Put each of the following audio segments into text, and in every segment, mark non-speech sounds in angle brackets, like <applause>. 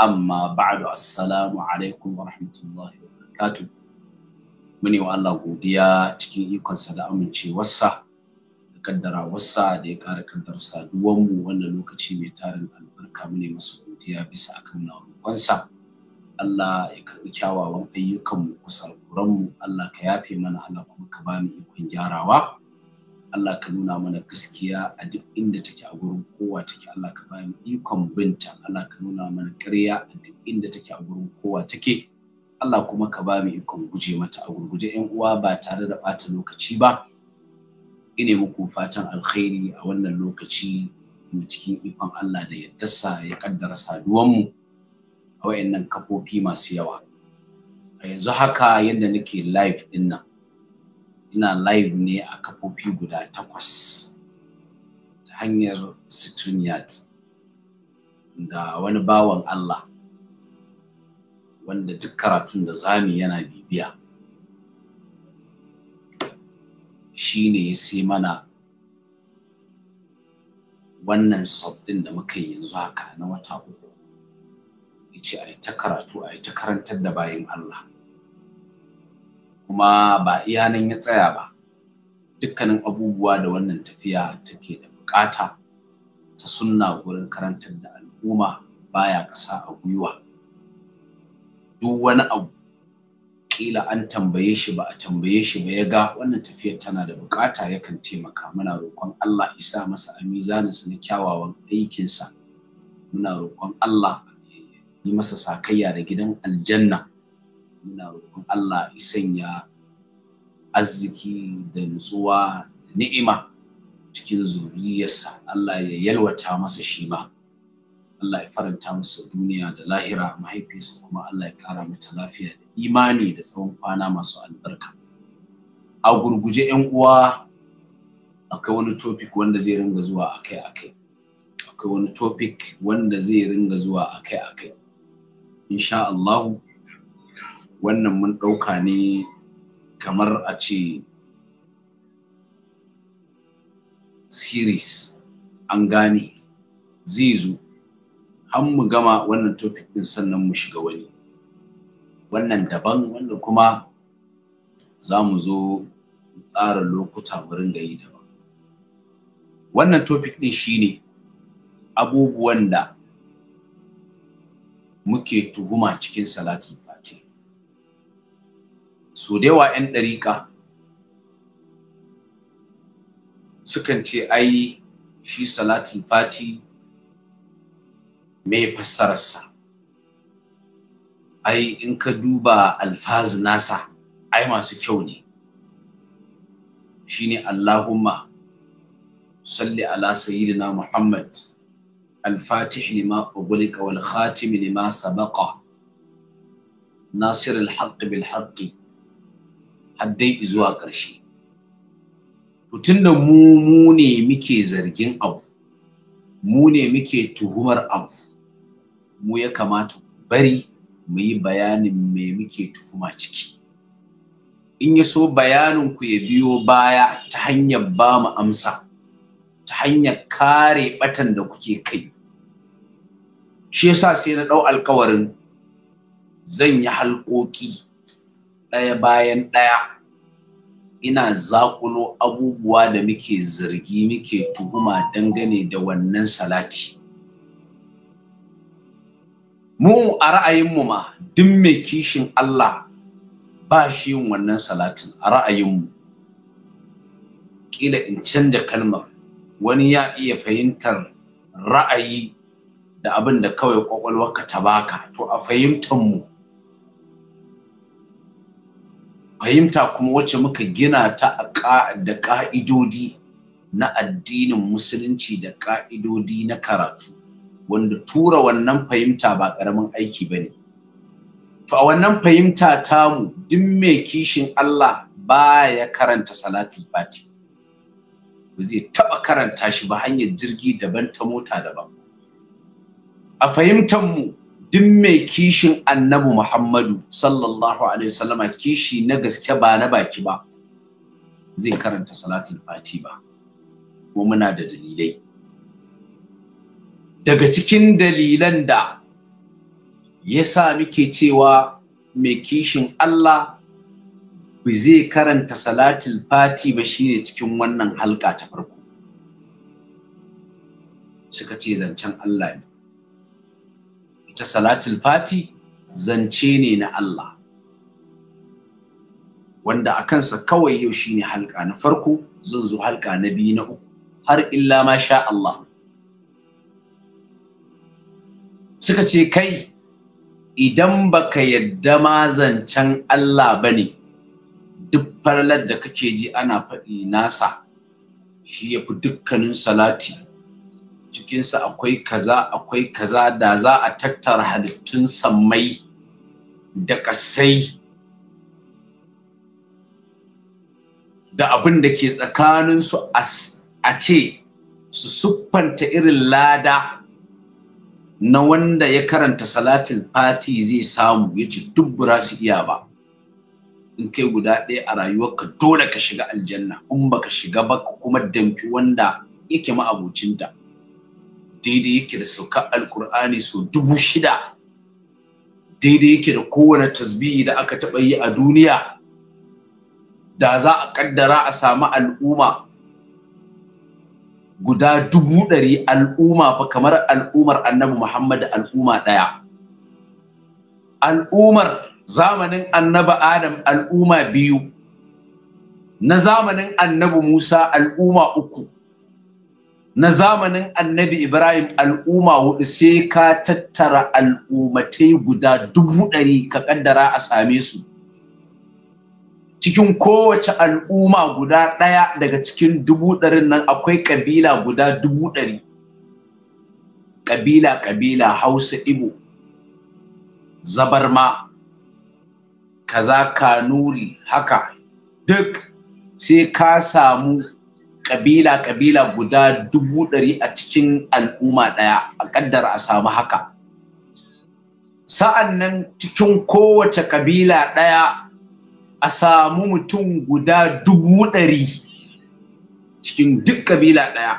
amma ba'adu assalamu alaikum wa rahmatullahi wa barakatu mune wa Allah godiya cikin ikonsa da amincewarsa da kaddara wasa da ya kare kaddar saduwan mu wannan lokaci mai tarin albarka mune masa godiya bisa akan roƙonsa Allah ya karbi kyawawan ayyukan mu kusa mu Allah ka yafe mana Allah kuma ka bani ikon gyarawa Allah ka nuna mana gaskiya a duk inda take a gurin kowa take Allah ka ba mu ikon binta Allah ka nuna mana ƙarya a duk inda take a gurin kowa take Allah kuma ka ba mu ikon guje mata a gurguje yan uwa ba tare da ɓata lokaci ba ine muku fatan alkhairi a wannan lokaci mu cikin ikon Allah da yaddarsa ya kaddara saduwanmu a wayannan kafofi masu yawa a yanzu haka yadda nake live din nan ina live ne a kafofi guda takwas ta hanyar streamyard da wani bawan Allah wanda duk karatun da zami yana bibiya shi ne ya sai mana wannan sabbin da muka yi yanzu haka na wata uku ya ce a yi ta karatu a ta karantar da bayan Allah kuma ba iya nan ya tsaya ba dukkanin abubuwa da wannan tafiya take da bukata ta sunna gurin karantar da al'umma baya kasa a gwiwa duk wani abu kila an tambaye shi ba a tambaye shi ba ya ga wannan tafiyar tana da bukata yakan taimaka muna roƙon Allah isa masa a su na kyawawan aikinsa muna roƙon Allah yi masa sakayya da gidan aljanna muna roƙon Allah ya sanya arziki da nutsuwa da ni'ima cikin zuriyarsa Allah ya yalwata masa shi ma Allah ya faranta masa duniya da lahira mahaifinsa kuma Allah ya kara mata lafiya da imani da tsawon kwana masu albarka a gurguje yan uwa akwai wani topic wanda zai ringa zuwa akai-akai akwai wani topic wanda zai ringa zuwa akai-akai insha Allahu wannan mun ɗauka ne kamar a ce series an gane zai zo har mu gama wannan topic ɗin sannan mu shiga wani wannan daban wannan kuma za mu zo tsara lokuta mu ringa yi daban wannan topic din shine abubuwan da muke tuhuma cikin salatin su da yawa 'yan ɗariƙa sukan ce ai shi salatul fati mai fassararsa ai in ka duba alfazi nasa ai masu kyau ne Shi ne allahumma salli ala sayyidina muhammad الفاتح لما أغلق والخاتم لما سبق ناصر الحق بالحق haddai izuwa ƙarshe to da mu mu ne muke zargin abu mu ne muke tuhumar abu mu ya kamata bari mu yi bayanin me muke tuhuma ciki in ya so bayanin ku ya biyo baya ta hanyar ba mu amsa ta hanyar kare batan da kuke kai shi yasa sai na ɗau alkawarin zan yi halƙoƙi ɗaya bayan ɗaya ina zakulo abubuwa da muke zargi muke tuhuma dangane da wannan salati mu a ra'ayin mu ma duk mai kishin Allah ba shi yin wannan salatin a ra'ayin mu. ƙila in canja kalmar wani ya iya fahimtar ra'ayi da abin da kawai kwakwalwarka ta baka to a fahimtar mu fahimta kuma wacce muka gina ta da ƙa'idodi na addinin musulunci da ƙa'idodi na karatu wanda tura wannan fahimta ba ƙaramin aiki ba ne to a wannan fahimta tamu duk mai kishin Allah baya karanta salatul fati ba zai taɓa karanta shi ba hanyar jirgi daban ta mota daban a fahimtar mu duk mai kishin annabi Muhammadu sallallahu alaihi wasallama kishi na gaske ba na baki ba zai karanta salatin fati ba kuma muna da dalilai daga cikin dalilan da ya sa muke cewa mai kishin Allah ba zai karanta salatin fati ba shine cikin wannan halka ta farko suka ce zancen Allah ne ita salatul fati zance ne na Allah wanda a kansa kawai yau shine halka na farko zan zo halka na biyu na uku har illa ma sha Allah suka ce kai idan baka yadda ma zancen Allah bane duk farlar da kake ji ana faɗi nasa shi ya fi dukkanin salati cikinsa akwai kaza akwai kaza da za a tattara halittun sammai da ƙasai da abin da ke tsakaninsu a ce su siffanta irin lada na wanda ya karanta salatin fati zai samu ya duk dubbura su iya ba in kai guda ɗaya a rayuwarka dole ka shiga aljanna in baka shiga ba kuma damki wanda yake ma'abucinta daidai yake da sauka alkur'ani sau dubu shida daidai yake da kowane tasbihi da aka taɓa yi a duniya da za a ƙaddara a samu al'umma guda dubu ɗari al'umma fa kamar al'ummar annabi Muhammad al'umma ɗaya. Al'ummar zamanin annabi Adam al'umma biyu, na zamanin annabi Musa al'umma uku. na zamanin annabi ibrahim al'umma hudu sai ka tattara al'ummatai guda dubu ɗari ka kaddara a same su cikin kowace al'umma guda ɗaya daga cikin dubu ɗarin nan akwai ƙabila guda dubu ɗari ƙabila ƙabila hausa ibo zabarma kaza kanuri haka duk sai ka samu kabila kabila guda dubu ɗari a cikin al'umma ɗaya a ƙaddara a samu haka sa'an nan cikin kowace kabila ɗaya a samu mutum guda dubu ɗari cikin duk kabila ɗaya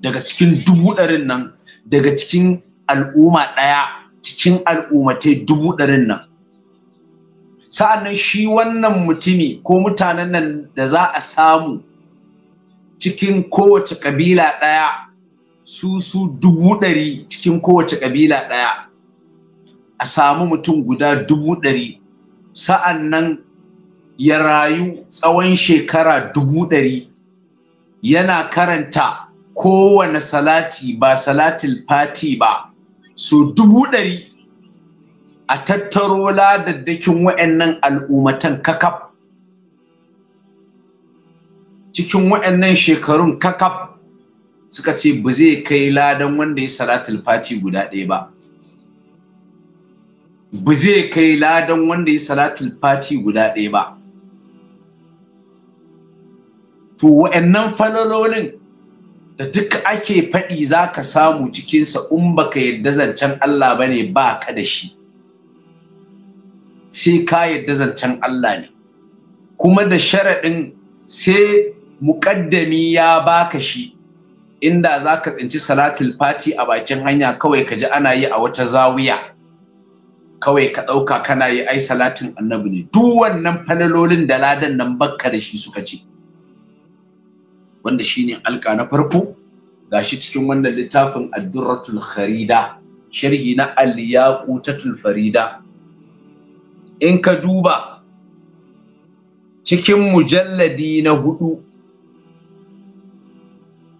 daga cikin dubu ɗarin nan daga cikin al'umma ɗaya cikin al'ummatai dubu ɗarin nan sa'an nan shi wannan mutumi ko mutanen nan da za a samu cikin kowace ƙabila ɗaya su su dubu ɗari cikin kowace ƙabila ɗaya a samu mutum guda dubu ɗari sa'an nan ya rayu tsawon shekara dubu ɗari yana karanta kowane salati ba salatil fati ba so dubu ɗari a tattaro ladaddakin wa'annan al'ummatan kakaf cikin waɗannan shekarun kakaf suka ce ba zai kai ladan wanda ya salatul fati guda ɗaya ba ba zai kai ladan wanda ya salatul fati guda ɗaya ba to wa'annan falalolin da duk ake faɗi za ka samu cikinsa in baka yadda zancen Allah ba ne ba ka da shi sai ka yadda zancen Allah ne kuma da sharaɗin sai muƙaddami ya baka shi inda za ka tsinci salatul fati a bakin hanya kawai ka ji ana yi a wata zawiya kawai ka ɗauka kana yi ai salatin annabi ne duk wannan fanalolin da ladan nan bakka da shi suka ce wanda shine alƙa na farko gashi cikin wannan littafin addurratul kharida sharhi na al-yaqutatul farida in ka duba cikin mujalladi na hudu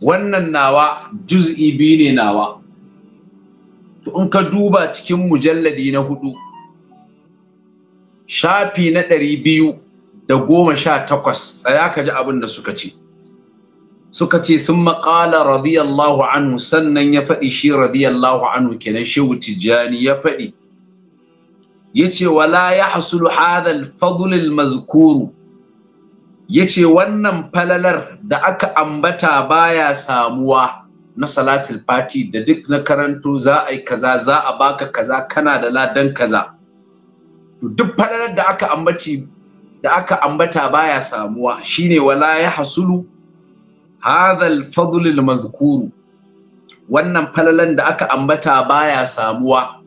wannan nawa juz'i biyu ne nawa to in ka duba cikin mujalladi na hudu shafi na ɗari biyu da goma sha takwas tsaya ka ji abin da suka ce suka ce sun maƙala radiyallahu anhu sannan ya faɗi shi radiyallahu anhu kenan shehu tijjani ya faɗi ya ce wala ya hasulu hadal fadlil mazkuru Ya ce wannan falalar da aka ambata baya samuwa na salatul fati da duk na karanto za a yi kaza za a baka kaza kana da ladan kaza to duk falalar da aka ambaci da aka ambata baya samuwa shine wala ya hasulu hadha al-fadl al wannan falalan da aka ambata baya samuwa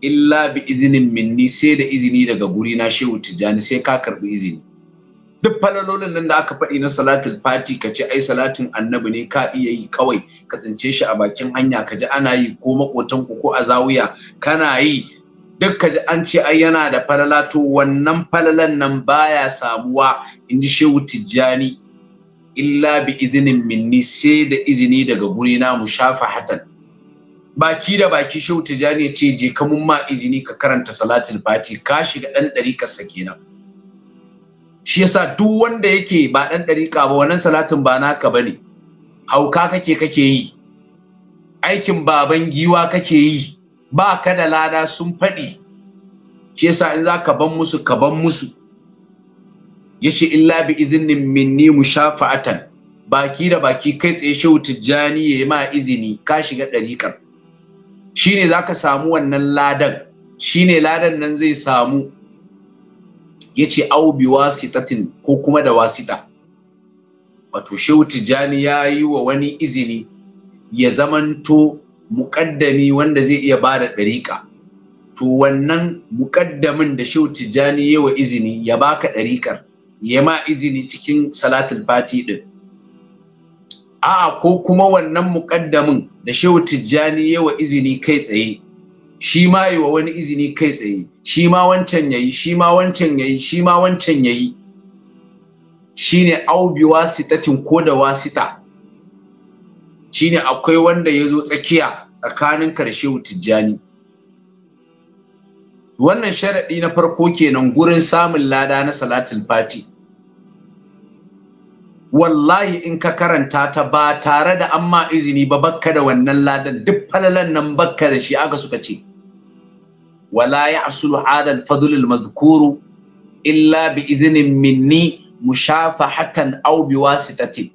illa bi izinin minni sai da izini daga guri na shehu tijani sai ka karbi izini duk falalolin nan da aka faɗi na salatul fati ka ce ai salatin annabi ne ka iya yi kawai ka tsince shi a bakin hanya ka ji ana yi ko makotan ku ko a zawiya kana yi duk ka ji an ce ai yana da falala to wannan falalan nan baya samuwa in ji shehu tijjani illa bi izinin minni sai da izini daga guri na mu shafa hatan baki da baki shehu tijjani ya ce je ka mun ma izini ka karanta salatul fati ka shiga ɗan ɗari ka sake nan shi yasa duk wanda yake ba dan dariƙa ba wannan salatin ba naka bane hauka kake kake yi aikin baban giwa kake yi ba ka da lada sun faɗi shi yasa in za ka ban musu ka ban musu yace illa bi izinin minni mushafa'atan baki da baki kai tsaye shehu tijjani ya yi ma izini ka shiga ɗariƙar shine za ka samu wannan ladan shine ladan nan zai samu yace au bi wasitatin ko kuma da wasita wato shehu Jani ya yi wa wani izini ya zamanto muƙaddami wanda zai iya bada da ɗariƙa to wannan muƙaddamin da shehu tijjani ya wa izini ya baka ɗariƙar ya ma izini cikin salatul fati ɗin a'a ko kuma wannan muƙaddamin da shehu tijjani ya wa izini kai tsaye shi ma yi wa wani izini kai tsaye shi ma wancan yayi shi ma wancan yayi shi ma wancan yayi ne au bi wasitatin ko da wasita ne akwai wanda ya zo tsakiya tsakanin karshe tijjani wannan sharaɗi na farko kenan gurin samun lada na salatul fati wallahi in ka karanta ta ba tare da amma izini ba bakka da wannan ladan duk falalan nan bakka da shi aka suka ce wala ya'sulu hadha al-fadl al-madhkur illa bi idhnin minni mushafahatan aw biwasitati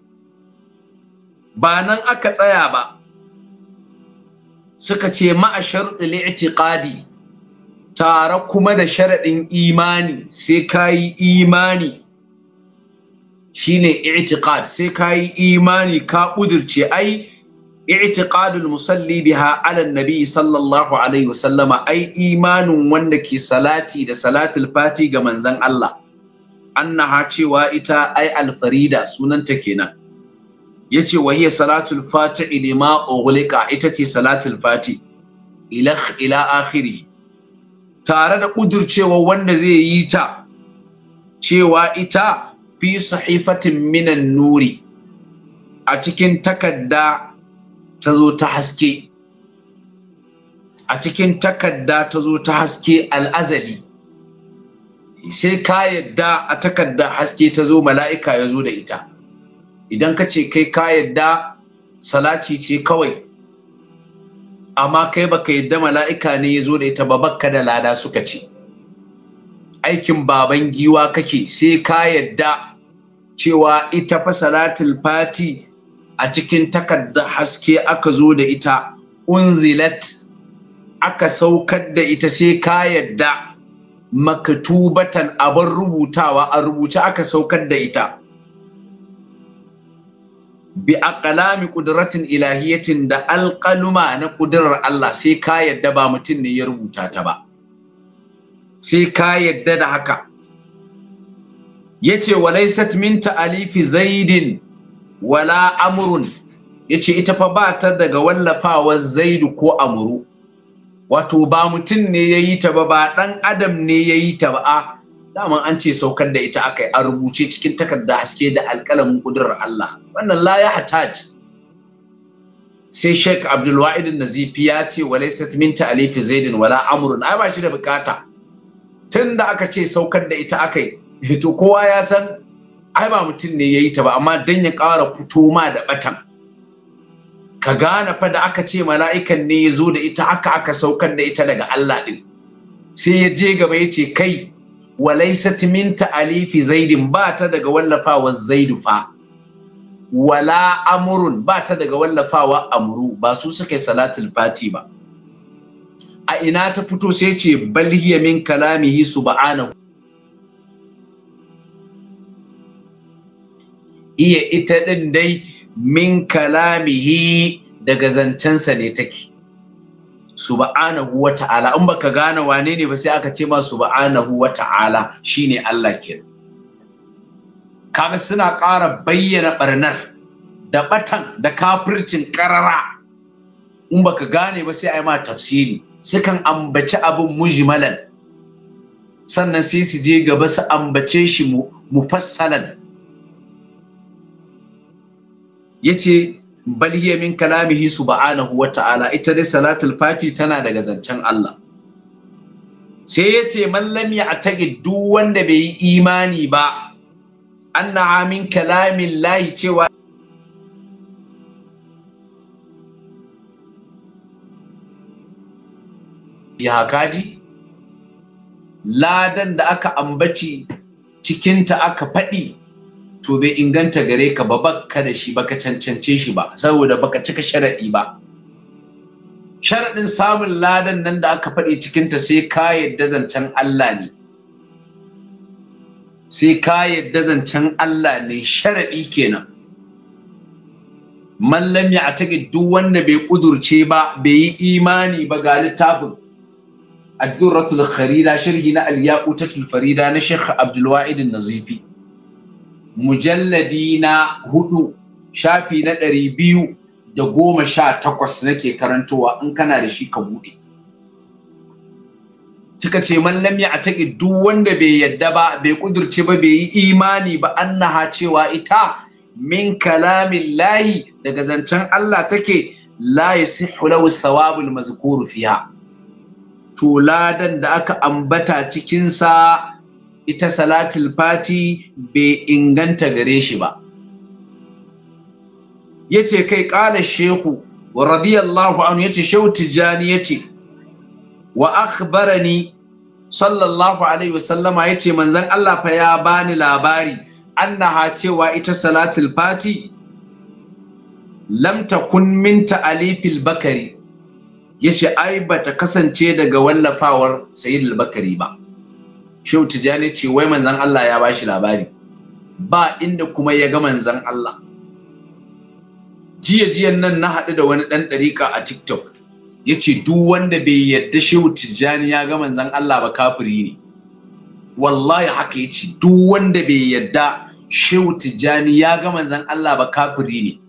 ba nan aka tsaya ba suka ce ma'a shartu li'tiqadi tare kuma da sharaɗin imani sai kayi imani shine i'tiqad sai kayi imani ka ƙudurce ai i'tiqadul musalli biha ala nabi sallallahu alaihi wasallama ai imanin wanda ke salati da salatil fati ga manzon Allah annaha cewa ita ai alfarida sunanta kenan yace wa hiya salatul fati lima ughliqa ita ce salatul fati ila ila akhiri tare da kudurcewa wanda zai yi ta cewa ita fi sahifatin minan nuri a cikin takarda. ta zo ta haske a cikin takarda ta zo ta haske al'azali sai ka yadda a takarda haske ta zo mala'ika ya zo da ita idan ka ce kai ka yadda salati ce kawai amma kai baka yadda mala'ika ne ya zo da ita ba bakka da lada suka ce aikin baban giwa kake sai ka yadda cewa ita fa salatul fati a cikin takardar haske aka zo da ita unzilat aka saukar da ita sai ka yadda makatubatan abin rubutawa a rubuce aka saukar da ita bi aqlami qudratin ilahiyatin da alqaluma na ƙudurar Allah sai ka yadda ba mutum ne ya rubuta ta ba sai ka yadda da haka yace walaysat min ta'alifi zaidin wala Amurun ya ce ita fa ba ta daga wallafawar zaidu ko Amuru. wato ba mutum ne ya yi ta ba ba ɗan adam ne ya yi ta ba a daman an ce saukar da ita akai a rubuce cikin takarda haske da alƙalamin kudurar Allah wannan la ya sai Sheikh Abdulwa'id Nazifi ya ce wa laysat min ta'lif Zaidin wala amrun ai ba shi da bukata tunda aka ce saukar da ita akai to kowa ya san ai ba mutum ne ya yi ta ba amma dan ya ƙara fito ma da batan ka gane fa da aka ce mala'ikan ne ya zo da ita haka aka saukar da ita daga Allah ɗin. sai ya je gaba ya ce kai walaisat min Alifi zaidin ba ta daga wallafawa zaidu fa wala amurun ba ta daga wallafawa amru ba su suka yi salatul fati ba a ina ta fito sai ce bal hiya min kalamihi subhanahu hiya ita ɗin dai min kalamihi daga zancensa ne take subhanahu wa ta'ala in baka gane wane ne ba sai aka ce ma subhanahu wa ta'ala shine Allah kenan kaga suna ƙara bayyana barnar da batan da kafircin karara in baka gane ba sai a yi ma tafsiri sukan ambaci abin mujmalan sannan sai su je gaba su ambace shi mu fassalan. yace bal hiya min kalamihi subhanahu wa ta'ala ita dai salatul fati tana daga zancen Allah sai yace man lam ya'taqid duk wanda bai yi imani ba annaha min kalamin lahi cewa ya ji? ladan da aka ambaci cikinta aka faɗi to bai inganta gare ka ba ka da shi baka cancance shi ba saboda baka cika sharaɗi ba sharaɗin samun ladan nan da aka faɗi cikinta sai ka yadda zancen Allah ne sai ka yadda zancen Allah ne sharaɗi kenan mallam ya ta duk wanda bai kudurce ba bai yi imani ba ga littafin adduratul kharida sharhi na al-yaqutatul farida na Sheikh Abdul an Nazifi mujalladi na hudu shafi na ɗari biyu da goma sha takwas nake karantowa in kana da shi ka buɗe kika ce man lam ya'taqi duk wanda bai yadda ba bai kudurce ba bai yi imani ba annaha cewa ita min kalamin lahi daga zancen Allah take la yasihhu lahu sawabul mazkuru fiha to ladan da aka ambata cikinsa. ita salatul fati bai inganta gare shi ba yace kai ƙala shehu radiyallahu anhu yace shehu tijani yace wa akhbarani sallallahu alaihi wasallama yace manzon Allah fa ya bani labari annaha cewa ita salatul fati Lamta kun minta Alifil bakari yace ai bata kasance daga wallafawar sayyidul bakari ba Shehu Tijjani ce wai manzon Allah ya bashi labari ba inda kuma ya ga manzon Allah jiya jiyan nan na haɗu da wani ɗan ɗariƙa a TikTok ya ce duk wanda bai yadda Shehu Tijjani ya ga manzon Allah ba kafiri ne wallahi haka ya ce duk wanda bai yadda Shehu Tijjani ya ga manzon Allah ba kafiri ne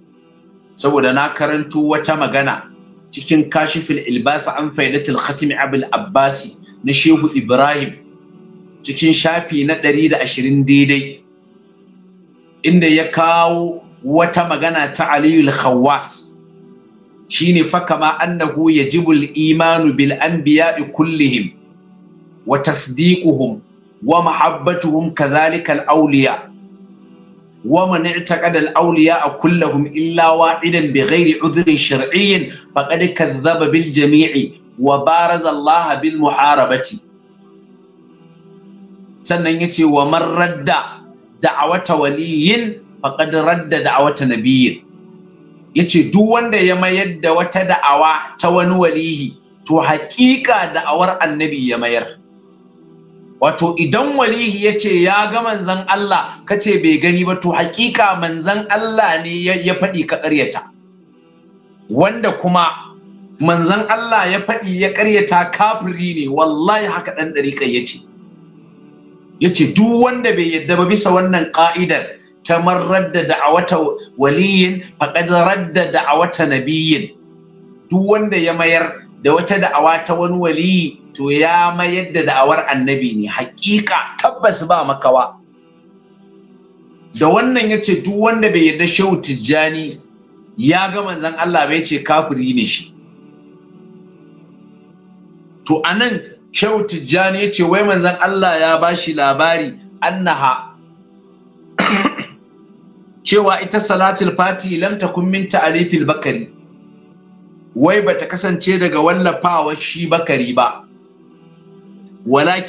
saboda na karanto wata magana cikin kashifil ilbasa an faidatul khatimi abul abbasi na shehu ibrahim cikin shafi na ɗari da ashirin daidai inda ya kawo wata magana ta aliyu khawwas shine fakama annahu yajibu al-imanu bil anbiya'i kullihim wa tasdiquhum wa mahabbatuhum kadhalika al-awliya wa man i'taqada al-awliya kullahum illa wa'idan bi ghairi udhrin shar'iyyin faqad kadhaba bil jami'i wa baraza Allah bil muharabati sannan ya ce wa man radda da'awata waliyin faqad radda da'awata Ya ce duk wanda ya mayar da wata da'awa ta wani walihi to haƙiƙa da'awar annabi ya mayar wato idan walihi ya ce ya ga manzan Allah ka ce bai gani ba to haƙiƙa manzan Allah ne ya faɗi ka ƙaryata wanda kuma manzan Allah ya faɗi ya ƙaryata kafiri ne wallahi haka ɗan ɗariƙar ya ce Ya ce duk wanda bai yadda ba bisa wannan ka'idar ta marar da da'awata waliyin faƙadarar da da'awata nabiyyin duk wanda ya mayar da wata da'awa ta wani waliyi to ya mayar da da'awar annabi ne hakika tabbas ba makawa da wannan ya ce duk wanda bai yarda shehu tijjani ya ga manzan Allah bai ce kafiri ne shi to anan Shehu Tijjani ya ce wai manzan Allah ya ba shi labari annaha <coughs> cewa ita salatul fati lam takun min ta'rifil bakari wai bata kasance daga wallafawa shi bakari ba na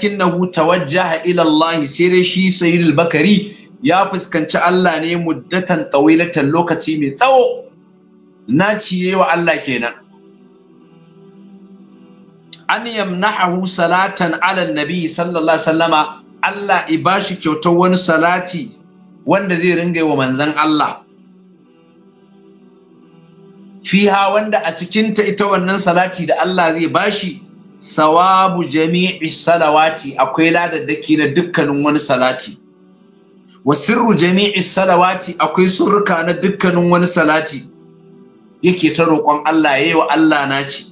tawajjaha ila Allah sai dai shi sayyidul bakari ya fuskanci Allah ne muddatan tsawilatan lokaci mai tsawo na ciye wa Allah kenan an yamnahu salatan ala nabi sallallahu alaihi wasallama Allah i bashi kyautar wani salati wanda zai ringa wa manzan Allah fiha wanda a cikinta ita wannan salati da Allah zai bashi sawabu jami'i salawati akwai ladaddaki na dukkanin wani salati wa sirru jami'i salawati akwai surruka na dukkanin wani salati yake ta roƙon Allah yayi wa Allah naci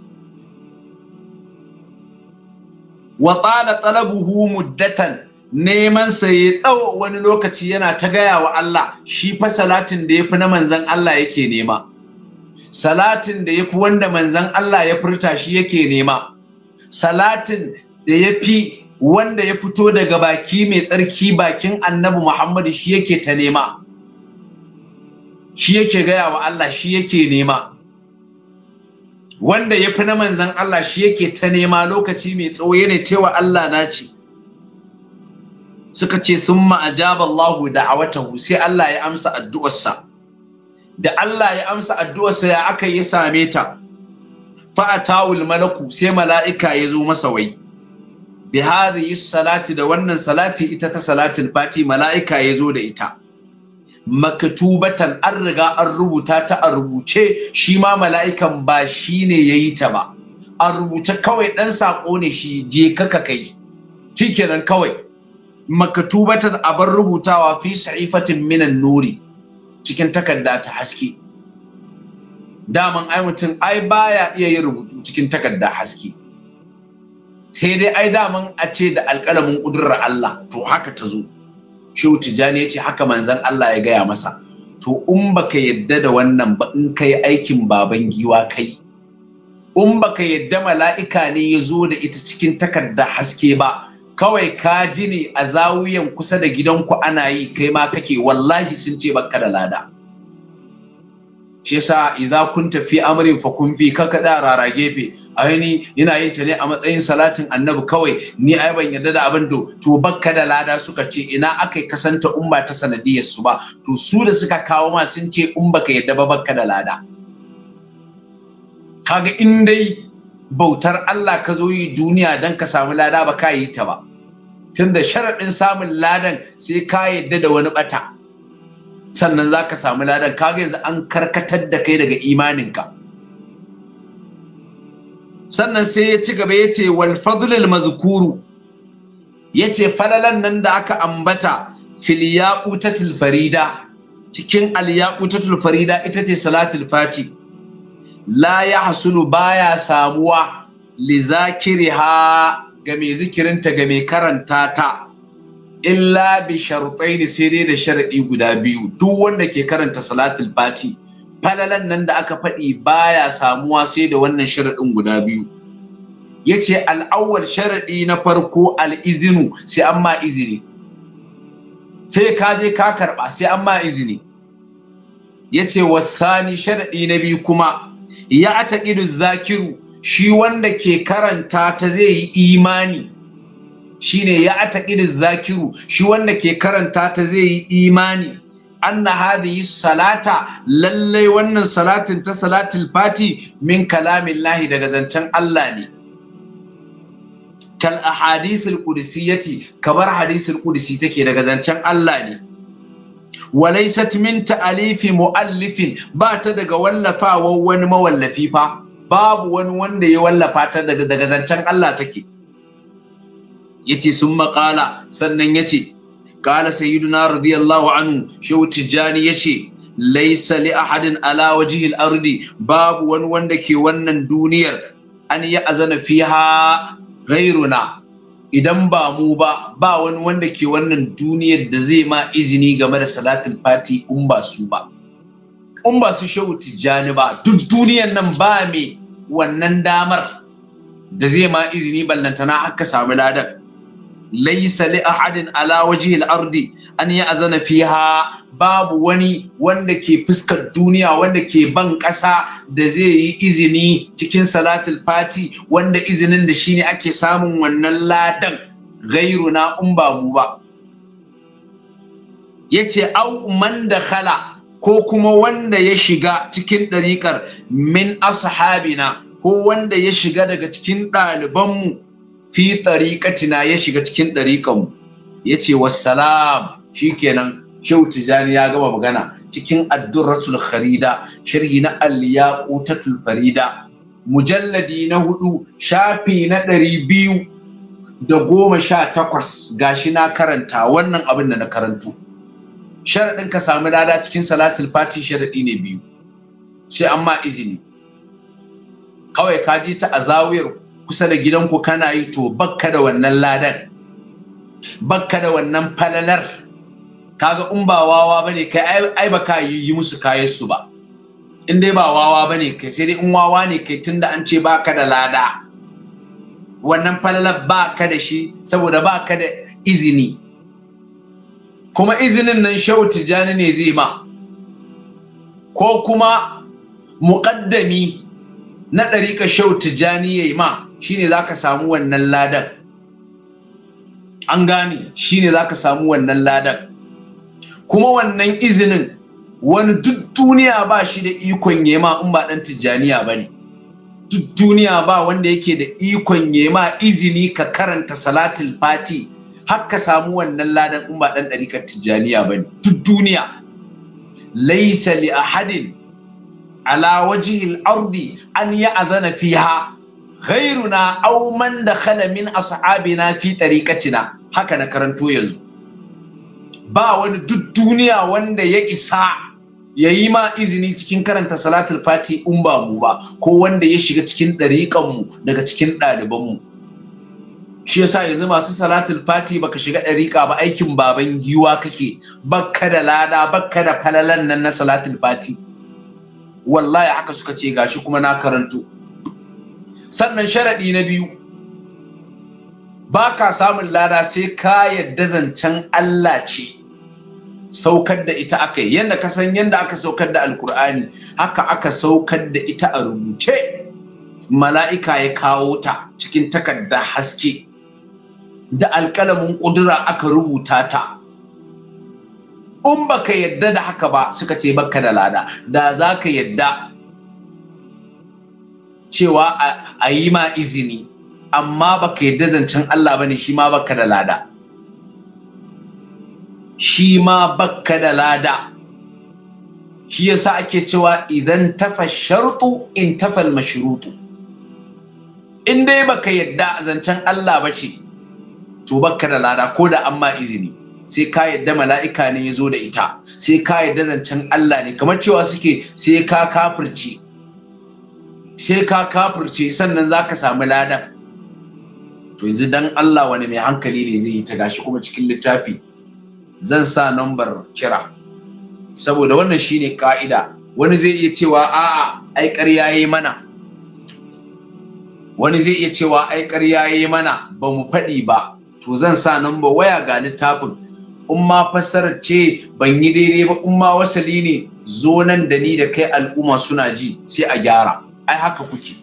wa tala talabuhu muddatan neman sa ya tsawo wani lokaci yana ta gaya wa Allah shi fa salatin da ya fi na manzan Allah yake nema salatin da ya fi wanda manzan Allah ya furta shi yake nema salatin da ya fi wanda ya fito daga baki mai tsarki bakin annabi Muhammadu shi yake ta nema shi yake gaya wa Allah shi yake nema wanda ya fi na manzan Allah shi yake ta nema lokaci mai tsawo yana cewa Allah na ce suka ce sun da a da'awatahu sai Allah ya amsa addu'arsa da Allah ya amsa addu'arsa ya aka yi same ta fa'atawul malaku sai mala'ika ya zo masa wai bi hadhihi salati da wannan salati ita ta salatin fati mala'ika ya zo da ita makatubatan an riga an rubuta ta a rubuce shi ma mala'ikan ba shi ne ya yi ta ba a rubuce kawai ɗan saƙo ne shi je kaka kai kenan kawai makatubatan a bar rubutawa fi sa'ifatin minan nuri cikin takarda ta haske daman ai mutum ai baya iya yin rubutu cikin takarda haske sai dai ai daman a ce da alƙalamin ƙudurar Allah to haka ta zo shehu tijjani ya ce haka manzan Allah ya gaya masa to in baka yadda da wannan ba in kai aikin baban giwa kai in baka yadda mala'ika ne ya zo da ita cikin takarda haske ba kawai ka ji ne a zawuyan kusa da gidanku ana yi kai ma kake wallahi sun ce baka da lada shi yasa idza kunta fi amrin fa kun fi kaka da rara gefe aini yana yin ta ne a matsayin salatin annabi kawai ni ai ban yarda da abin do to bakka da lada suka ce ina akai kasanta umma ta sanadiyar su ba to su da suka kawo ma sun ce in baka yarda ba bakka da lada kaga in dai bautar Allah ka zo yi duniya dan ka samu lada ba ka yi ta ba tunda sharaɗin samun ladan sai ka yarda da wani bata sannan za ka samu ladan kaga yanzu an karkatar da kai daga imaninka sannan sai ya ci gaba ya ce wal fadlil mazkuru ya ce falalan nan da aka ambata fil yaqutatil farida cikin al yaqutatil farida ita ce salatul fati la yahsulu baya samuwa li zakiriha ga mai zikirinta ga mai karanta ta illa bi sharuɗai sai dai da sharaɗi guda biyu duk wanda ke karanta salatul fati falalan nan da aka faɗi baya samuwa sai da wannan sharaɗin guda biyu ya ce al'awwal sharaɗi na farko al'izinu sai an ma izini sai ka je ka karɓa sai an ma izini ya ce wasani sharaɗi na biyu kuma ya ta zakiru shi wanda ke karanta ta zai yi imani ne ya ta zakiru shi wanda ke karanta ta zai yi imani anna hadhihi salata lallai wannan salatin ta salatul fati min kalamin kalamillahi daga zancen Allah ne kal ahadisul qudsiyati kamar hadisul qudsi take daga zancen Allah ne walaysat min ta'alifi muallifin ba ta daga wallafawa wani mawallafi fa babu wani wanda ya wallafa ta daga zancen Allah take yace sun maƙala sannan yace قال سيدنا رضي الله عنه شو تجاني يشي ليس لأحد على وجه الأرض باب ون وندك ونن دونير أن يأذن فيها غيرنا idan ba mu ba ba wani wanda ke wannan duniyar da zai ma izini game da salatin fati in ba su ba in ba su shehu tijjani ba duk duniyar nan ba mai wannan damar da zai ma izini ballantana haka samu ladan laisa li ahadin ala wajhi al-ardi an ya'zana fiha babu wani wanda ke fuskar duniya wanda ke ban ƙasa da zai yi izini cikin salatul fati wanda izinin da shine ake samun wannan ladan gairuna un ba mu ba yace au man dakhala ko kuma wanda ya shiga cikin ɗariƙar min ashabina ko wanda ya shiga daga cikin ɗalibanmu fi tariqatina ya shiga cikin ɗariƙanmu ya ce wassalam kenan shehu tijani ya gama magana cikin addurratul Farida, sharhi na al-yaqutatul farida mujalladi na hudu shafi na ɗari biyu da goma sha takwas gashi na karanta wannan abin da na karanto sharaɗin ka sami lada cikin salatul fati sharaɗi ne biyu sai amma izini kawai ka ji ta a zawiyar kusa da gidanku kana yi to bakka da wannan ladan bakka da wannan falalar kaga in ba wawa bane kai ai ba ka yi musu kayansu su ba in dai ba wawa bane kai sai dai in wawa ne kai tunda an ce baka da lada wannan falalar baka da shi saboda baka da izini kuma izinin nan shau tijani ne zai ma ko kuma muƙaddami na ɗariƙa shau tijani ya yi ma shine za ka samu wannan ladan an gane shine za ka samu wannan ladan kuma wannan izinin wani duk duniya ba shi da ikon yema in ba ɗan tijjaniya ba ne duk duniya ba wanda yake da ikon yema izini ka karanta salatul fati har ka samu wannan ladan in ba ɗan ɗarikar tijjaniya ba ne duk duniya laisa li ahadin ala wajihil ardi an ya azana fiha ghairuna aw man dakhala min ashabina fi tariqatina haka na karanto yanzu ba wani duk duniya wanda ya isa ya yi ma izini cikin karanta salatul fati in ba mu ba ko wanda ya shiga cikin mu daga cikin ɗalibanmu shi yasa yanzu masu salatul fati baka shiga ɗariƙa ba aikin baban giwa kake bakka da lada bakka da falalan nan na salatul fati wallahi haka suka ce gashi kuma na karanto sannan sharaɗi na biyu ba ka samun lada sai ka yadda zancen Allah ce saukar da ita aka yi yadda ka san yadda aka saukar da alkur'ani haka aka saukar da ita a rubuce mala'ika ya kawo ta cikin takarda haske da alkalamin ƙudura aka rubuta ta in baka yadda da haka ba suka ce baka da lada da za ka yadda cewa a yi ma izini amma baka yadda zancen Allah bane shi ma baka da lada shi ma baka da lada shi yasa ake cewa idan tafa sharutu in tafa mashrutu in dai baka yadda zancen Allah bace to baka da lada ko da amma izini sai ka yadda mala'ika ne ya zo da ita sai ka yadda zancen Allah ne kamar cewa suke sai ka kafirce sai ka kafirce sannan za ka samu ladan to yanzu dan Allah wani mai hankali ne zai yi ta gashi kuma cikin littafi zan sa nambar kira saboda wannan shine ka'ida wani zai iya cewa a'a ai ƙarya yi mana wani zai iya cewa ai ƙarya yi mana ba mu faɗi ba to zan sa nambar waya ga littafin in ma ce ban yi daidai ba Umma ma wasali ne zo nan da ni da kai al'umma suna ji sai a gyara ai haka kuke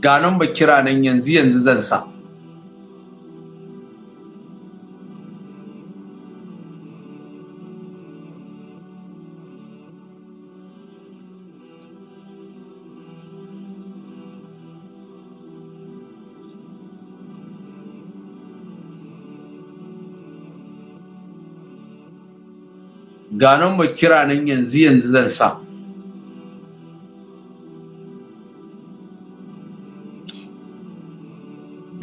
ga nan ba kira nan yanzu yanzu zan sa ga nan ba kira nan yanzu yanzu zan sa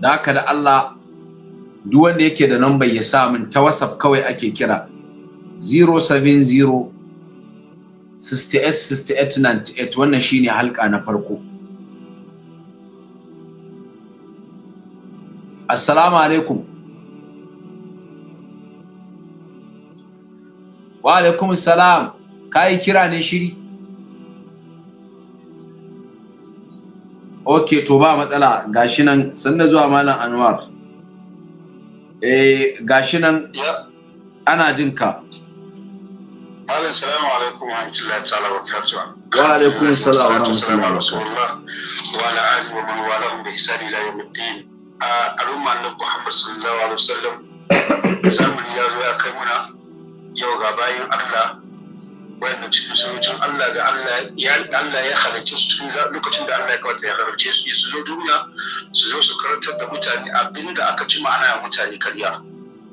da haka da Allah duk wanda yake da number ya sa min ta WhatsApp kawai ake kira 070 68 wannan shine halka na farko Assalamu alaikum Wa alaikum salam kai kira ne shiri ok to ba matsala gashi nan sannan zuwa malam anwar eh gashi nan ana jin ka malam alaikum wa rahmatullahi wa barakatuh wa alaikum salam wa rahmatullahi wa ala alihi wa man wala bi ihsan ila yawmiddin a al'umma annabi muhammad sallallahu alaihi wasallam <coughs> zamani ya zo ya kai muna yau ga bayin Allah wayanda cikin sojojin Allah ga Allah ya Allah ya halarce su cikin lokacin da Allah ya kawata ya halarce su su zo duniya su zo su karantar da mutane abinda aka ci ma'ana ya mutane karya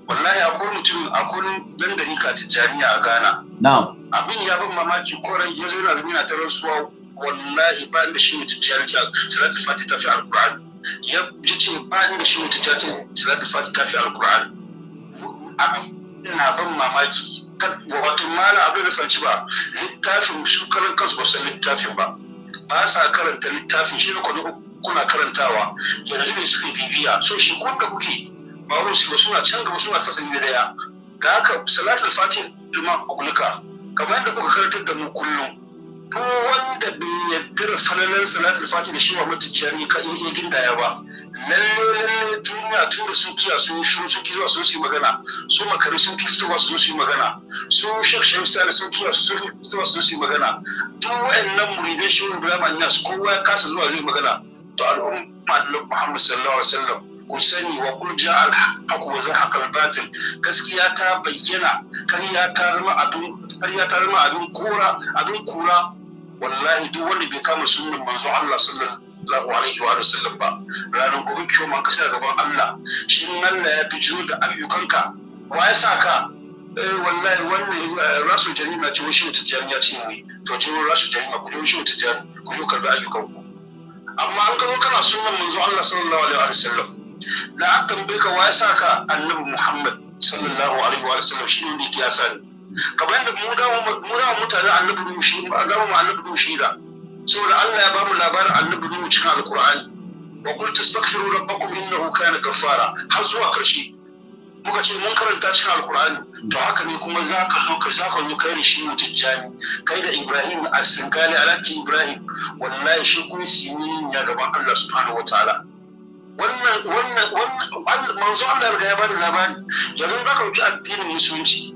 wallahi akwai mutum akwai dandani ka tijjaniya a Ghana na'am abin ya ban mamaki koran ya zo na zama ta rasuwa wallahi ba da shi mutum tijjaniya salatul fati ta fi alquran ya ce ba da shi mutum tijjaniya salatul fati ta fi alquran ina ban mamaki wato malam abin da fanci ba littafin su karan kansu ba san littafin ba ba sa karanta littafin shi ne kuna karantawa yanzu ne suke bibiya so shi ko da kuke ba wani su suna can gaba suna tasiri da daya ga haka salatul fatih lima kulluka kamar yadda kuka karantar da mu kullum ko wanda bai yarda da falalan salatul fatih da shi wa mutum jari ka in gindaya ba lalle lalle duniya tun da sun kiya sun shiru sun zuwa sun magana su makari sun kiya fitowa sun magana su shek shek sun kiya sun fitowa sun yi magana duk wa'annan muridan shi ibrahim su kowa ya kasa zuwa zai magana to al'umma da muhammad sallallahu alaihi wasallam ku sani wa kul ja'al haqq wa batil gaskiya ta bayyana kariya ta zama abin kariya ta zama abin abin kura wallahi duk wanda bai kama sunnan manzo Allah sallallahu alaihi wa sallam ba ranar gobe kiyo man kasa gaban Allah shi Allah ya bijiro da ayyukanka wa ya sa ka eh, wallahi wannan eh, rasul jarima ce wasu tijjani ya ce ne to ce rasul jarima ku je ta tijjani ku je karbi ayyukanku amma an karo kana sunan manzo Allah sallallahu alaihi wa sallam da aka tambaye ka wa ya sa ka annabi Muhammad sallallahu alaihi wa sallam shi ne ya sani kamar da mu gama mu gama mutane annabi nuhu shi ba gama mu annabi nuhu shi da saboda Allah ya bamu labarin annabi nuhu cikin alqur'ani wa qul tastaghfiru rabbakum innahu kana ghaffara har zuwa karshe muka ce mun karanta cikin alqur'ani to haka ne kuma za ka zo ka zaka zo kai da shi mutujjani kai da Ibrahim as-sinkali alaki Ibrahim wallahi shi kun sinin ya gaban Allah subhanahu wataala wannan wannan wannan manzo Allah ya bada labari yanzu za ka wuce addinin musulunci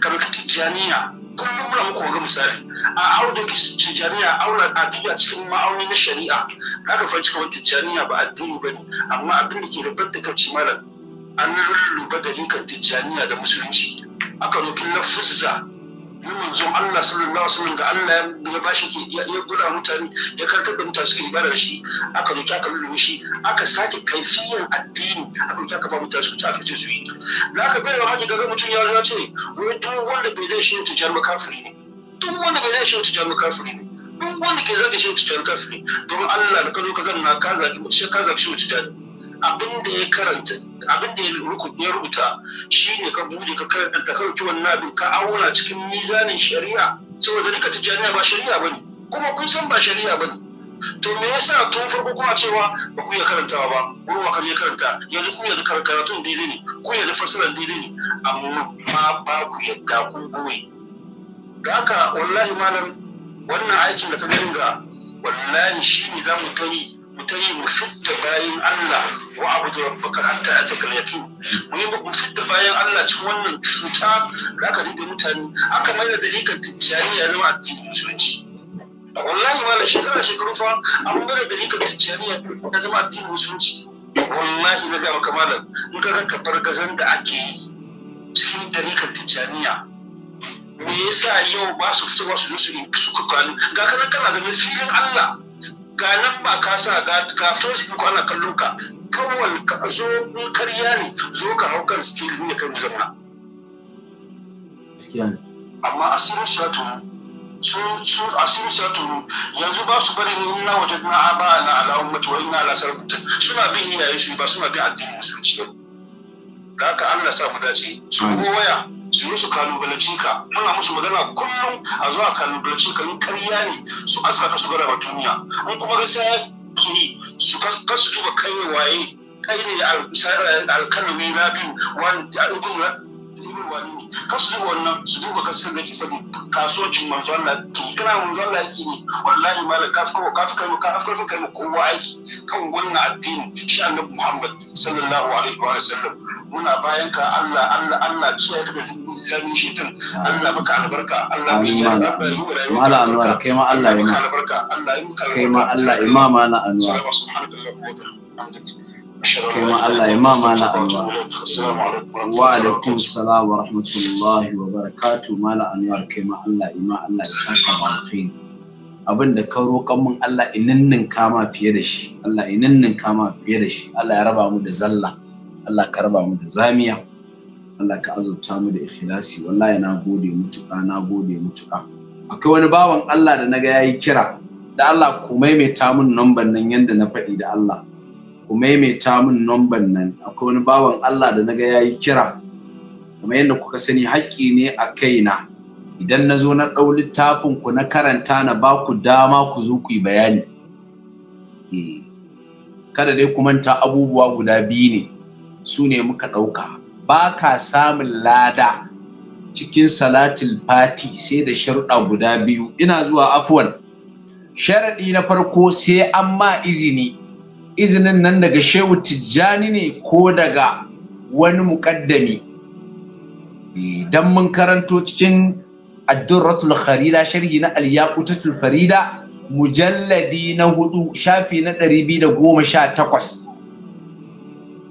kamar ka tijjaniya kullum muna muku wanga misali a auda tijjaniya aura a duba cikin ma'auni na shari'a aka cika kamar tijjaniya ba addini ba ne amma abin da ke da bantakanci malam an rulluba gari kan tijjaniya da musulunci aka nukin lafuzza manzon Allah sallallahu alaihi wasallam da Allah ya bashi ke ya gura mutane ya karkar da mutane suke ibada da shi aka zo aka lullu shi aka sake kaifiyan addini aka zo aka ba mutane su ta aka ce su yi da aka bayar haji ga mutum ya zo ce wai duk wanda bai zai shi tijar makafiri ne duk wanda bai zai shi tijar makafiri ne duk wanda ke zage shi tijar makafiri don Allah da ka zo ka zanna ka zaki mutum ka zaki shi mutum abin da ya karanta abin da ya rubuta shi ne ka bude ka karanta ka karki wannan abin ka auna cikin mizanin shari'a saboda duka tijjaniya ba shari'a bane kuma kun san ba shari'a bane to me yasa tun farko kuma cewa ba ku iya karantawa ba wurin wakar ya karanta yanzu ku yanzu karatun daidai ne ku yanzu fasiran daidai ne amma ba ba ku yadda kun goye da haka wallahi malam wannan aikin da ka dinga wallahi shi ne za mu ta yi mu da bayan Allah wa abu da rabbaka hatta ya taka yaki mu yi mu da bayan Allah cikin wannan cuta da aka rike mutane aka mai da dalikan tijjani ya zama addinin musulunci wallahi wala shekara shekaru fa an mai da dalikan tijjani ya zama addinin musulunci wallahi na gama kamalan in ka ranka bargazan da ake yi cikin dalikan tijjaniya me yasa yau ba su ba su zo su su kuka ga kana kana zama filin Allah ga nan ba ka sa ga ka facebook ana kallon ka kawai ka zo in karya ne zo ka hau kan skill ne kai zama amma asirin shatu sun sun asirin shatu yanzu ba su bari in na waje na ba na alawun mutu wa ina ala sarkuta suna bin iyaye su ba suna bin addinin musulunci ba da haka Allah sa mu dace su waya su yi su kalubalancin ka ana musu magana kullum a zuwa kalubalancin ka in karya ne su aska ka su gara ba duniya in kuma ga sai yi su ka su duba kai waye kai ne alkalami na biyu wani Ka su duba wannan su duba gaskiyar da ke faɗi kasuwancin manzo Allah to kana manzo Allah yake ne wallahi malam ka fi ka fi kai ka fi kai kowa aiki kan wannan addini shi annabi Muhammad sallallahu alaihi wa sallam muna bayan ka Allah Allah Allah kiyaye ka da zamin shaitan Allah maka albarka Allah ya yi albarka mala anwar kai ma Allah ya maka albarka Allah ya maka albarka kai ma Allah imama na anwar subhanallahi wa bihamdihi Allah ya كما الله إمام على أنوار wa السلام ورحمة الله وبركاته ما لا أنوار كما الله إمام الله إسحاق بارقين abin da ka roƙan mun Allah ininnin kama fiye da shi Allah ininnin kama fiye da shi Allah ya raba mu da zalla Allah ka raba mu da zamiya Allah ka azurta mu da ikhlasi wallahi na gode mutuka na gode mutuka akwai wani bawan Allah da naga yayi kira da Allah ku maimaita mun namban nan yanda na faɗi da Allah ku maimaita min nomban nan akwai wani bawan Allah da naga yayi kira Kuma yadda kuka sani haƙƙi ne a kaina idan na zo na ɗau littafin ku na karanta na ba ku dama ku zo ku yi bayani eh, kada dai ku manta abubuwa guda biyu ne su ne muka ɗauka ba ka samun lada cikin salatul fati sai da sharuɗa guda biyu ina zuwa afuwan sharaɗi na farko sai an ma izini izinin nan daga shehu tijjani ne ko daga wani muƙaddami idan mun karanto cikin addurratul kharida sharhi na al-yaqutatul farida mujalladi na hudu shafi na 218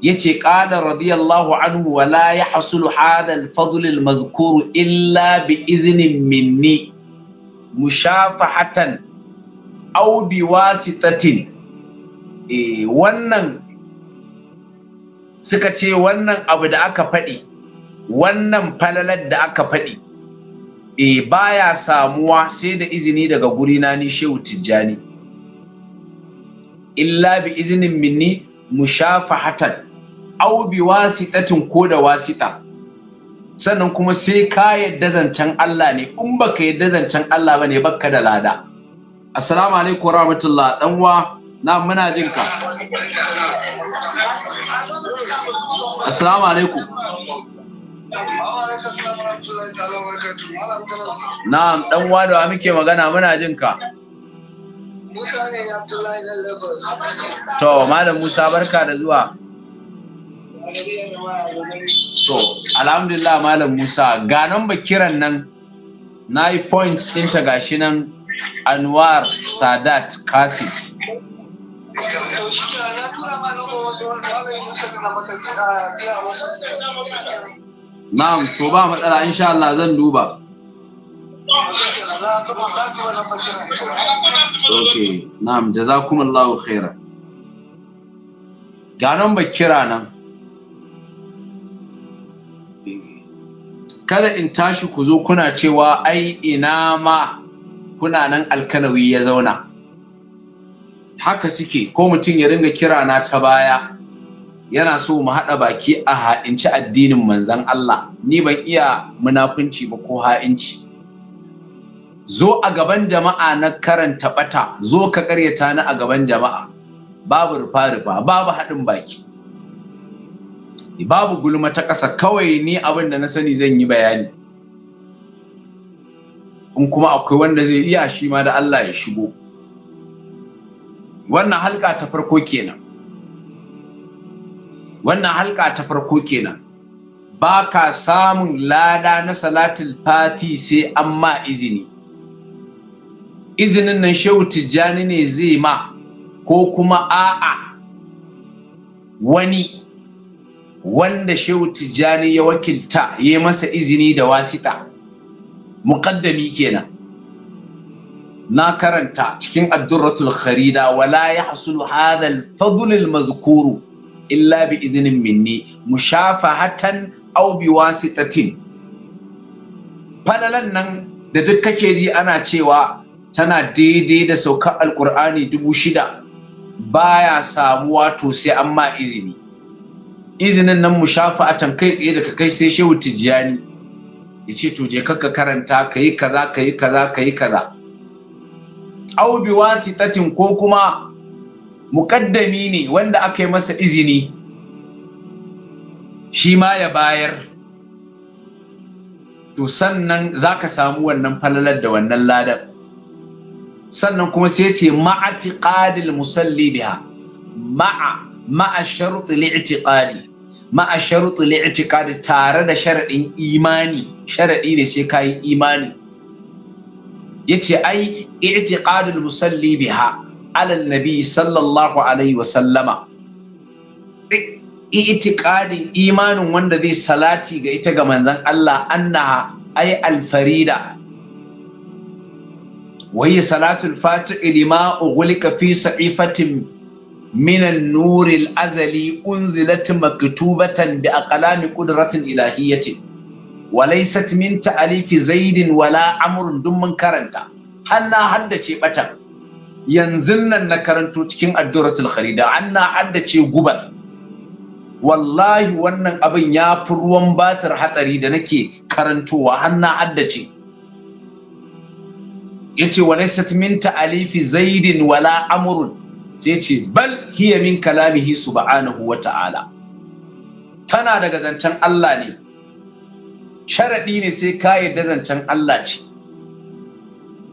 yace qala radiyallahu anhu wa la yahsulu hadha al-fadl al-madhkur illa bi idhnin minni mushafahatan aw bi wasitatin eh wannan suka ce wannan abu da aka faɗi wannan falalar da aka faɗi e baya samuwa sai da izini daga gurina ni shehu tijjani illa bi izinin minni hatan, au bi wasitatin ko da wasita sannan kuma sai ka yadda zancen Allah ne in baka yadda zancen Allah bane baka da lada assalamu alaikum warahmatullahi wabarakatuh na muna jin ka assalamu alaikum na dan wadawa muke magana muna jin ka to malam musa barka da zuwa to alhamdulillah malam musa ga nan kiran nan na yi points ɗinta gashi nan anwar sadat kasim Na'am, to ba matsala insha Allah zan duba. Okay, na'am, jazakumullahu khairan. Ga nan ba kira nan. Kada in tashi ku zo kuna cewa ai ina ma kuna nan alkanawi ya zauna. haka suke ko mutum ya ringa kira na ta baya yana so mu haɗa baki a ha'inci addinin manzan Allah ni ban iya munafunci ba ko ha'inci zo a gaban jama'a na karanta bata zo ka karyata ni a gaban jama'a babu rufa rufa babu haɗin baki babu gulma ta ƙasa kawai ni abin da na sani zan yi bayani in kuma akwai wanda zai iya shi ma da Allah ya shigo wannan halka ta farko kenan wannan halka ta farko kenan ba ka samun lada na salatul fati sai an ma izini izinin nan shehu tijjani ne zai ma ko kuma a'a wani wanda shehu tijjani ya wakilta ya masa izini da wasiƙa muƙaddami kenan na karanta cikin addurratul kharida wala ya hasulu hadal fadulil al illa bi izinin minni mushafahatan aw bi wasitatin falalan nan da duk kake ji ana cewa tana daidai da sauka alkur'ani dubu shida baya samuwa to sai an ma izini izinin nan mushafa'atan kai tsaye daga kai sai shehu tijjani ya ce to je ka karanta ka yi kaza ka yi kaza ka yi kaza au bi wasitatin ko kuma muƙaddami ne wanda aka yi masa izini shi ma ya bayar to sannan za ka samu wannan falalar da wannan ladar sannan kuma sai ce ma'atiqadil musalli biha ma'a ma'a sharuɗi li'tiqadi ma'a sharuɗi li'tiqadi tare da sharaɗin imani sharaɗi ne sai ka yi imani yace ai i'tiqadul musalli biha ala nabi sallallahu alaihi wa sallama i'tiqadin imanin wanda zai salati ga ita ga manzon Allah annaha ai alfarida وهي صلاة الفاتح لما أغلق في صحيفة من النور الأزلي أنزلت مكتوبة بأقلام قدرة إلهية walaysat min ta'alifi zaidin wala amrun dun mun karanta har na haddace batan yanzu nan na karanto cikin addu'ratul kharida an na haddace gubar wallahi wannan abin ya fi ruwan batir hatsari da nake karantowa har na haddace yace walaysat min ta'alifi zaidin wala amrun sai ce bal hiya min kalamihi subhanahu wa ta'ala tana daga zancen Allah ne sharaɗi ne sai ka yarda zancen Allah ce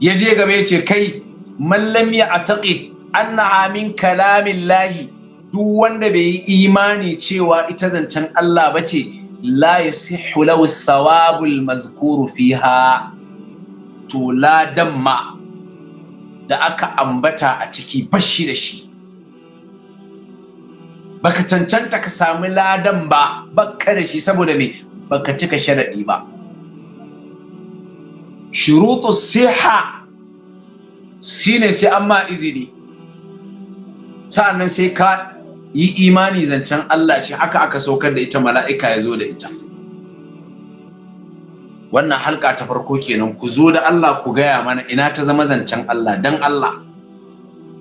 ya je gaba ya ce kai mallam ya ataqi annaha kalamin lahi duk wanda bai yi imani cewa ita zancen Allah ba ce la yasihhu lahu sawabul mazkuru fiha to ladan ma da aka ambata a ciki bashi da shi baka cancanta ka sami ladan ba bakka da shi saboda me baka cika sharadi ba shurutu siha shine sai an ma izini sa'annan sai ka yi imani zancen Allah shi haka aka saukar da ita mala'ika ya zo da ita wannan halka ta farko kenan ku zo da Allah ku gaya mana ina ta zama zancen Allah dan Allah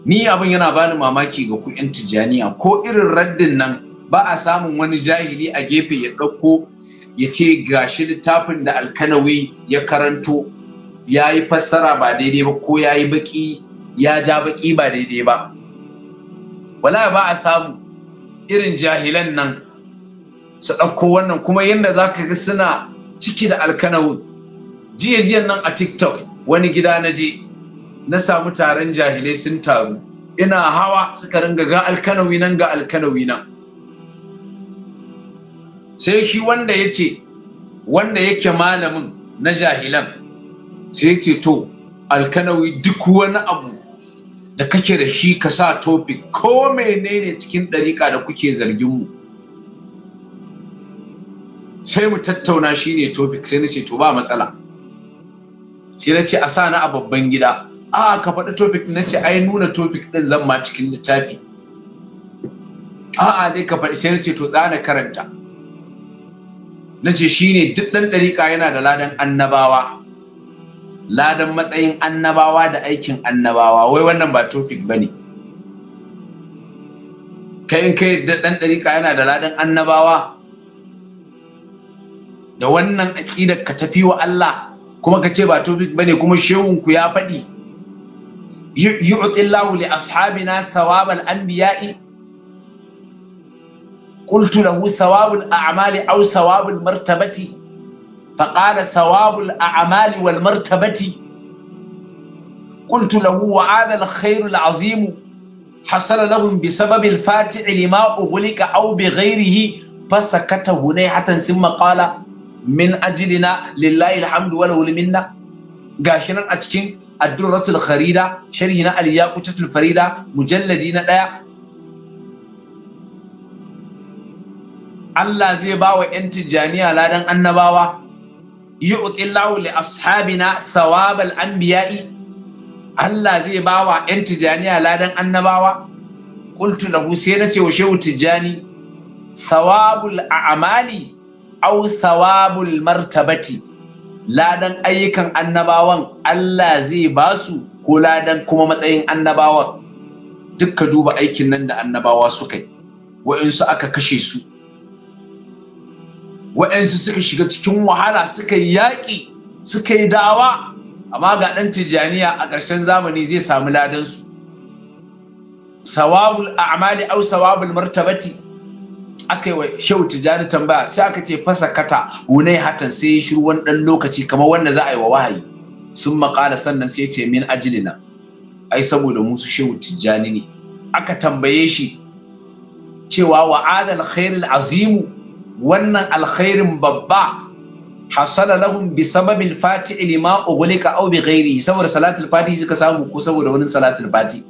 ni abin yana bani mamaki ga ku yan tijaniya ko irin raddin nan ba a samun wani jahili a gefe ya ɗauko ya ce ga shi littafin da alkanawi ya karanto ya yi fassara ba daidai ba ko ya yi baki ya ja baki ba daidai ba wala ba a samu irin jahilan nan su ɗauko wannan kuma yadda za ka ga suna ciki da alkanawi jiya jiyan nan a tiktok wani gida na je na samu taron jahilai sun taru ina hawa suka ringa ga alkanawi nan ga alkanawi nan sai shi wanda ya ce wanda yake malamin na jahilan sai ce to alkanawi duk wani abu da kake da shi ka sa topic ko menene cikin ɗariƙa da kuke zargin mu sai mu tattauna shi ne topic sai na ce to ba matsala sai na ce a sa na a babban gida a ka faɗi topic na ce ai nuna topic ɗin zan ma cikin littafi a'a dai ka faɗi sai na ce to tsana karanta na ce shi ne duk ɗan ɗariƙa yana da ladan annabawa ladan matsayin annabawa da aikin annabawa wai wannan ba tofik ba ne kayan kai da ɗan ɗariƙa yana da ladan annabawa da wannan aƙidar ka tafi wa Allah kuma ka ce ba tofik ba ne kuma shehunku ya faɗi lahu li ashabina sawabal anbiya'i qultu lahu sawabul a'mali aw sawabul martabati فقال ثواب الأعمال والمرتبة قلت له وعاد الخير العظيم حصل لهم بسبب الفاتح لما أغلق أو بغيره فسكت هنيحة ثم قال من أجلنا لله الحمد وله المنة قاشنا أتكين الدرة الخريدة شرهنا الياقوتة الفريدة مجلدين لا Allah zai ba wa 'yan tijjaniya ladan annabawa yu'ti a li ashabina sawabal anbiya'i Allah zai ba wa 'yan tijjaniya ladan annabawa ƙultu da sai na ce wa shehu tijjani sawabul a'mali au sawabul martabati ladan ayyukan annabawan Allah zai ba su ko ladan kuma matsayin annabawan dukka duba aikin nan da annabawa suka yi aka kashe su waɗansu suka shiga cikin wahala suka yi yaƙi suka yi dawa amma ga ɗan tijjaniya a ƙarshen zamani zai samu ladansu sawabul a'mali au sawabul martabati aka yi wa shehu tijjani tambaya sai aka ce fasa kata hunai hatan sai ya shiru wani ɗan lokaci kamar wanda za a yi wa wahayi sun maƙala sannan sai ya ce min ajilina ai saboda musu shehu tijjani ne aka tambaye shi cewa wa'adal khairul azimu wannan alkhairin babba hasala lahum bi sababil fati'i lima ughliqa aw bi ghairi saboda salatul fatihi suka samu ko saboda wani salatul fatihi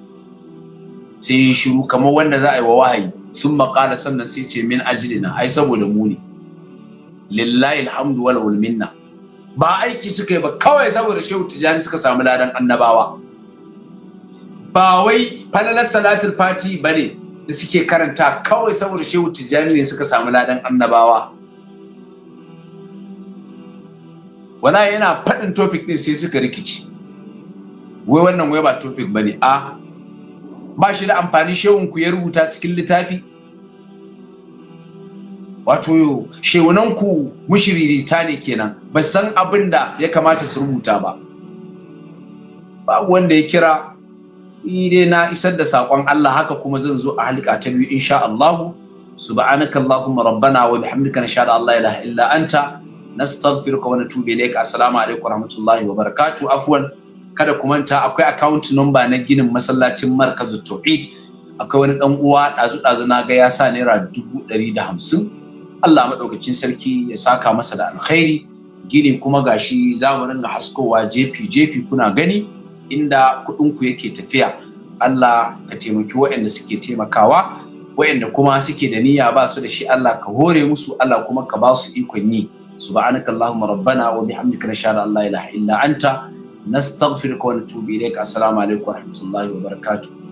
sai shiru kamar wanda za a yi wa wahayi sun maƙala sannan sai ce min ajilina ai saboda mu ne lillahi alhamdu wal minna ba aiki suka yi ba kawai saboda shehu tijani suka samu ladan annabawa ba wai falalar salatul fati bane da suke karanta kawai saboda shehu tijjani ne suka samu ladan annabawa wala yana faɗin topic ɗin sai suka rikici wai wannan wai ba topic ba ne a ba shi da amfani ku ya rubuta cikin littafi wato shehunanku mushiririta ne kenan ba san abin da ya kamata su rubuta ba ba wanda ya kira ni dai na isar da saƙon Allah haka kuma zan zo a halika ta biyu insha Allah subhanaka allahumma rabbana wa bihamdika nashhadu an la ilaha illa anta nastaghfiruka wa natubu ilayka assalamu alaikum wa rahmatullahi wa barakatuh afwan kada ku manta akwai account number na ginin masallacin markazu tauhid akwai wani dan uwa ɗazu dazu na ga ya sa naira dubu ɗari da hamsin Allah maɗaukacin sarki ya saka masa da alkhairi gini kuma gashi zamanin ga haskowa jefi jefi kuna gani inda kuɗinku yake tafiya Allah ka taimaki waɗanda suke taimakawa waɗanda kuma suke da niyya ba su da shi Allah ka hore musu Allah kuma ka ba su ikon yi subhanaka allahumma rabbana wa bihamdika nashhadu an la ilaha illa anta nastaghfiruka wa natubu ilayka assalamu alaikum wa rahmatullahi wa barakatuh